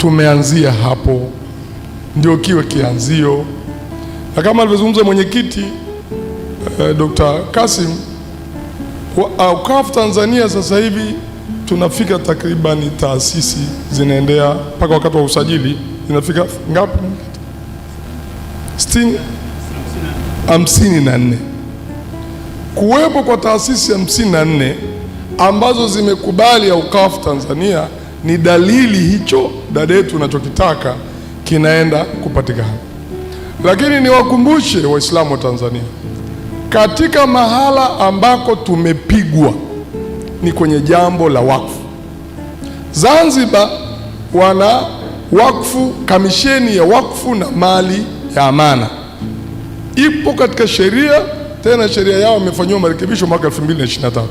tumeanzia hapo, ndio kiwe kianzio, na kama alivyozungumza mwenyekiti eh, Dr. Kasim AUCAF Tanzania sasa hivi tunafika takribani taasisi zinaendea mpaka wakati wa usajili zinafika ngapi? hamsini na nne. Kuwepo kwa taasisi hamsini na nne ambazo zimekubali aukaf Tanzania ni dalili hicho dada yetu unachokitaka kinaenda kupatikana. Lakini niwakumbushe Waislamu wa Tanzania, katika mahala ambako tumepigwa ni kwenye jambo la wakfu. Zanzibar wana wakfu, kamisheni ya wakfu na mali ya amana ipo katika sheria, tena sheria yao imefanyiwa marekebisho mwaka 2023.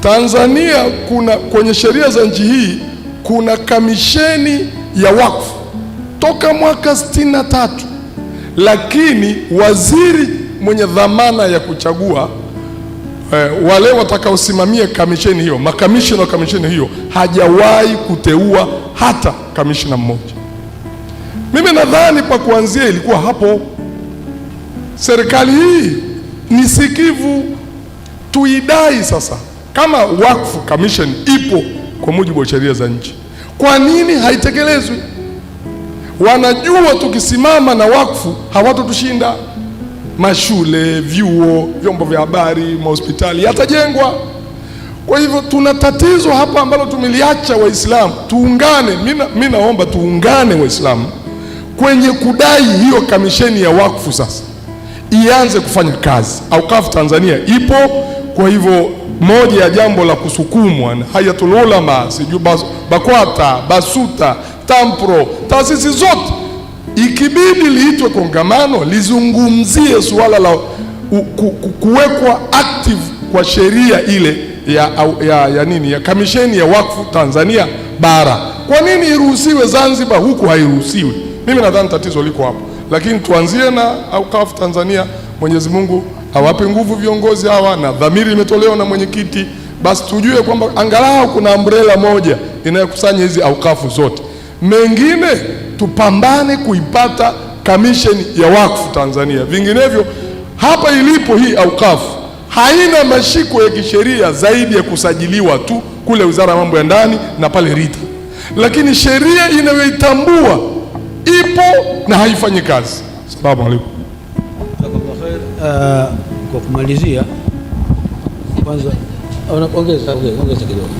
Tanzania kuna kwenye sheria za nchi hii kuna kamisheni ya wakfu toka mwaka sitini na tatu, lakini waziri mwenye dhamana ya kuchagua eh, wale watakaosimamia kamisheni hiyo, makamishina wa kamisheni hiyo hajawahi kuteua hata kamishina mmoja. Mimi nadhani pa kuanzia ilikuwa hapo. Serikali hii ni sikivu, tuidai sasa. Kama wakfu commission ipo kwa mujibu wa sheria za nchi. Kwa nini haitekelezwi? Wanajua tukisimama na wakfu hawatotushinda. Mashule, vyuo, vyombo vya habari, mahospitali yatajengwa. Kwa hivyo tuna tatizo hapa ambalo tumeliacha Waislamu. Tuungane, mimi naomba tuungane Waislamu kwenye kudai hiyo kamisheni ya wakfu sasa ianze kufanya kazi. Aukafu Tanzania ipo kwa hivyo moja ya jambo la kusukumwa na hayatul ulama, sijui BAKWATA, BASUTA, TAMPRO, taasisi zote, ikibidi liitwe kongamano lizungumzie suala la kuwekwa active kwa sheria ile ya, ya, ya nini ya kamisheni ya wakfu Tanzania bara. Kwa nini iruhusiwe Zanzibar huku hairuhusiwi? Mimi nadhani tatizo liko hapo, lakini tuanzie na aukafu Tanzania. Mwenyezi Mungu hawapi nguvu viongozi hawa, na dhamiri imetolewa na mwenyekiti, basi tujue kwamba angalau kuna umbrella moja inayokusanya hizi aukafu zote. Mengine tupambane kuipata kamisheni ya wakfu Tanzania, vinginevyo hapa ilipo hii aukafu haina mashiko ya kisheria zaidi ya kusajiliwa tu kule Wizara ya Mambo ya Ndani na pale RITA, lakini sheria inayoitambua ipo na haifanyi kazi. Salamu alaikum. Eh, kwa kumalizia kwanza, ongeza ongeza kidogo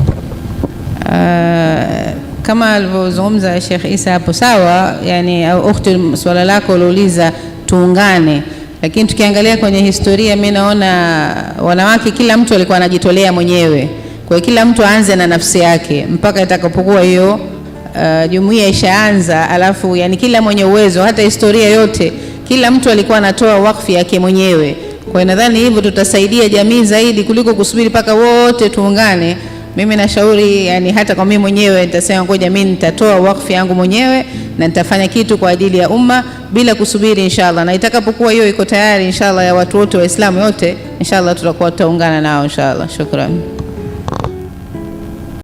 eh, kama alivyozungumza Sheikh Isa hapo, sawa. Yani ukhti, swala lako uliuliza tuungane, lakini tukiangalia kwenye historia, mi naona wanawake, kila mtu alikuwa anajitolea mwenyewe. Kwa hiyo kila mtu aanze na nafsi yake mpaka itakapokuwa hiyo uh, jumuiya ishaanza, alafu yani kila mwenye uwezo, hata historia yote kila mtu alikuwa anatoa wakfi yake mwenyewe. Kwa hiyo nadhani hivyo tutasaidia jamii zaidi kuliko kusubiri mpaka wote tuungane. Mimi nashauri yani, hata kwa mimi mwenyewe nitasema ngoja mimi nitatoa wakfi yangu mwenyewe na nitafanya kitu kwa ajili ya umma bila kusubiri inshallah, na itakapokuwa hiyo iko tayari inshallah ya watu wote Waislamu wote inshallah tutakuwa tutaungana nao inshallah. Shukrani.